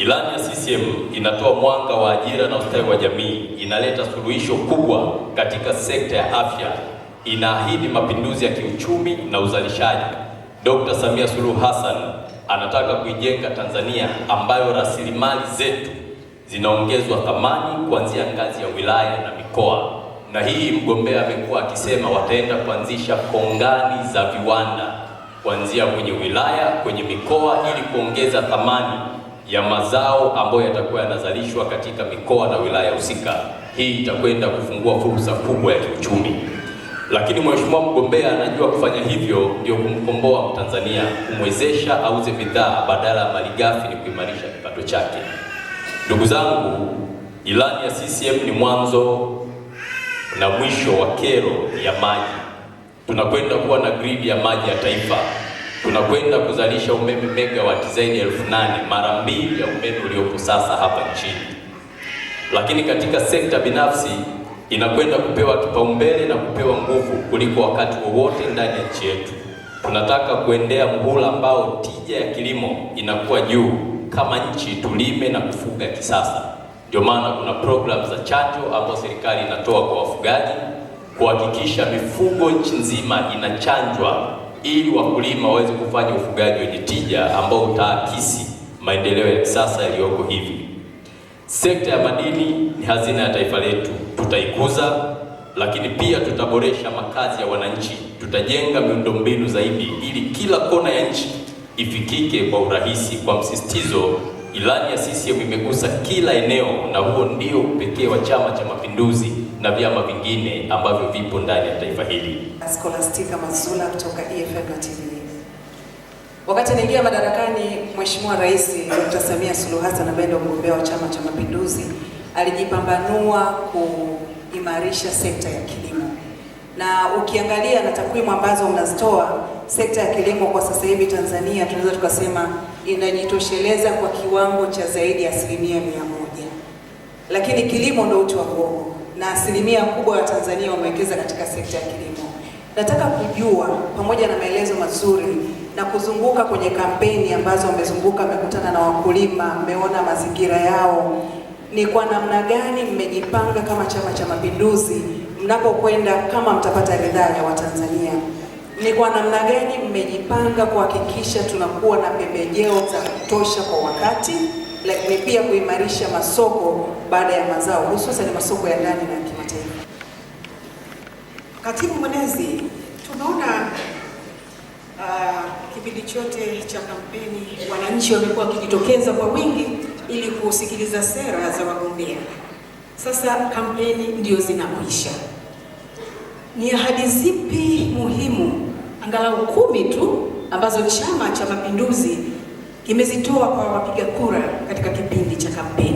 Ilani ya CCM inatoa mwanga wa ajira na ustawi wa jamii, inaleta suluhisho kubwa katika sekta ya afya, inaahidi mapinduzi ya kiuchumi na uzalishaji. Dr. Samia Suluhu Hassan anataka kuijenga Tanzania ambayo rasilimali zetu zinaongezwa thamani kuanzia ngazi ya wilaya na mikoa. Na hii mgombea amekuwa akisema wataenda kuanzisha kongani za viwanda kuanzia kwenye wilaya, kwenye mikoa ili kuongeza thamani ya mazao ambayo yatakuwa yanazalishwa katika mikoa na wilaya husika. Hii itakwenda kufungua fursa kubwa ya kiuchumi, lakini mheshimiwa mgombea anajua kufanya hivyo ndio kumkomboa Mtanzania, kumwezesha auze bidhaa badala ya malighafi, ni kuimarisha kipato chake. Ndugu zangu, ilani ya CCM ni mwanzo na mwisho wa kero ya maji. Tunakwenda kuwa na gridi ya maji ya taifa tunakwenda kuzalisha umeme megawati zaidi ya elfu nane mara mbili ya umeme uliopo sasa hapa nchini. Lakini katika sekta binafsi inakwenda kupewa kipaumbele na kupewa nguvu kuliko wakati wowote ndani ya nchi yetu. Tunataka kuendea mhula ambao tija ya kilimo inakuwa juu, kama nchi tulime na kufuga kisasa. Ndio maana kuna programu za chanjo ambazo serikali inatoa kwa wafugaji kuhakikisha mifugo nchi nzima inachanjwa ili wakulima waweze kufanya ufugaji wenye tija ambao utaakisi maendeleo ya kisasa yaliyoko hivi. Sekta ya madini ni hazina ya taifa letu, tutaikuza, lakini pia tutaboresha makazi ya wananchi, tutajenga miundombinu zaidi ili kila kona ya nchi ifikike kwa urahisi. Kwa msisitizo, ilani ya CCM imegusa kila eneo, na huo ndio upekee wa Chama cha Mapinduzi na vyama vingine ambavyo vipo ndani ya taifa hili. Scholastica Mazula kutoka EFM TV. Wakati anaingia madarakani Mheshimiwa Rais Dr. Samia Suluhu Hassan ambaye ndio mgombea wa Chama cha Mapinduzi alijipambanua kuimarisha sekta ya kilimo, na ukiangalia na takwimu ambazo mnazitoa, sekta ya kilimo kwa sasa hivi Tanzania tunaweza tukasema inajitosheleza kwa kiwango cha zaidi ya asilimia mia moja, lakini kilimo ndio uti wa mgongo na asilimia kubwa ya Watanzania wamewekeza katika sekta ya kilimo. Nataka kujua pamoja na maelezo mazuri na kuzunguka kwenye kampeni ambazo wamezunguka, mekutana na wakulima, mmeona mazingira yao, ni kwa namna gani mmejipanga kama Chama cha Mapinduzi mnapokwenda kama mtapata ridhaa ya Watanzania, ni kwa namna gani mmejipanga kuhakikisha tunakuwa na pembejeo za kutosha kwa wakati lakini pia kuimarisha masoko baada ya mazao hususan masoko ya ndani na kimataifa. Katibu mwenezi, tunaona uh, kipindi chote cha kampeni wananchi wamekuwa wakijitokeza kwa wingi ili kusikiliza sera za wagombea. Sasa kampeni ndio zinaisha, ni ahadi zipi muhimu angalau kumi tu ambazo Chama cha Mapinduzi kimezitoa kwa wapiga kura per capire quindi c'è cappello